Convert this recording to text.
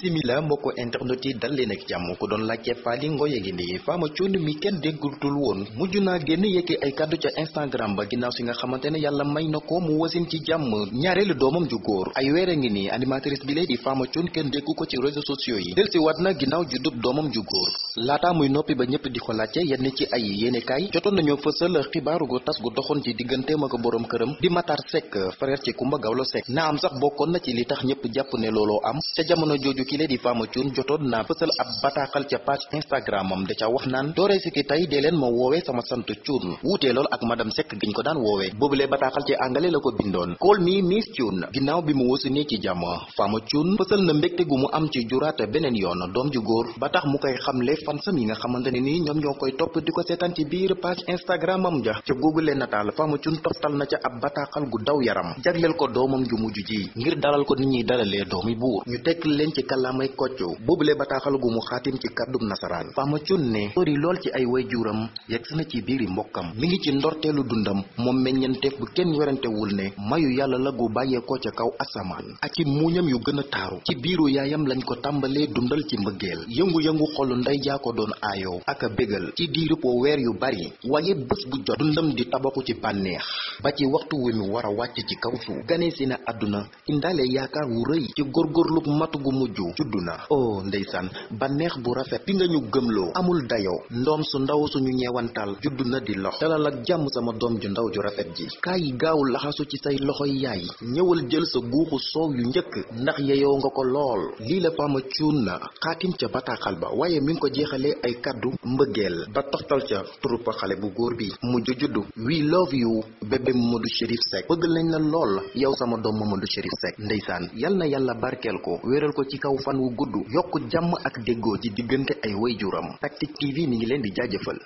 bisimila mbokk internet yi dal leen ak jàmm ku doon laajte Faly Ngoye gi nii Fama Thioune mi kenn déggutul woon mujj naa génn yëkkee ay kàddu ca Instagram ba ginnaaw si nga xamante ne yàlla may na ko mu wasin ci jàmm ñaareelu doomam ju góor ay weere ngi nii animatrice bi lee di Fama Thioune kenn déggu ko ci réseaux sociaux yi del si waat na ginnaaw juddub doomam ju góor laataa muy noppi ba ñëpp di ko laajte yenn ci ay yéenekaay jotoon nañoo fësal xibaaru gu tas gu doxoon ci digganteem ak boroom këram di Matar Seck frère ci Kumba Gawlo Seck na am sax bokkoon na li tax ñëpp jàpp ne looloo am ca jamono jooju kile di Fama Thioune jotoon naa fësal ab da ca wax naan dooree si ki tey dee leen ma woowee sama sant Miss Thioune ginnaaw bi mu wasu ci jàmm Fama Thioune fësal na mbégte gu mu am ci juraata beneen yoon doom ju góor ba tax mu koy xamle fansam yi nga xamante ne nii ñoom ñoo koy topp di ko seetaan ci biir page Instagram am ja ca google nataal Fama Thioune toftal na ca ab bataaxal gu daw yaram jagleel ko doomam ju mujj ji ngir dalal ko nit ñuy dalalee doomi buur ñu teg leen ci kala kàllaamay koccu boobule bataaxal gu mu xaatim ci kàddub nasaraan Fama Thioune ne sori lool ci ay wayjuuram yegsi na ci biiri mbokkam mi ngi ci ndorteelu dundam moom meññanteef bu kenn werantewul ne mayu yàlla la gu bàyyeekoo ca kaw asamaan ak ci muuñam yu gën a taaru ci biiru yaayam lañ ko tàmbalee dundal ci mbëggeel yëngu-yëngu xolu ndey jaa ko doon aayoo ak a bégal ci diirub weer yu bari waaye bés bu jot dundam di tabaxu ci bànneex ba ci waxtu wi mu war a wàcc ci kaw suuf gane si na boobu judd na oh ndeysaan bànneex bu rafet bi nga ñu gëmloo amul dayoo ndoom su ndaw suñu ñeewantal judd na di lox dalal ak jàmm sama doom ju ndaw ju rafet ji kaay gaaw laxasu ci say loxoy yaay ñëwal jël sa guuxu soow yu njëkk ndax yeyoo nga ko lool lii la paama cuun na xaatim ca bataaxal ba waaye mi ngi ko jeexalee ay kàddu mbëggeel ba toxtal ca turupa xale bu góor bi mujj juddu we love you bébé Mamadou Chérif Seck bëgg nañ la lool yow sama doom Mamadou Chérif Seck ndeysaan yal na yàlla barkeel ko wéral ci kaw fan wu gudd yokk jàmm ak déggoo ci diggante ay waajuram Tactic TV mi ngi leen di jaajëfal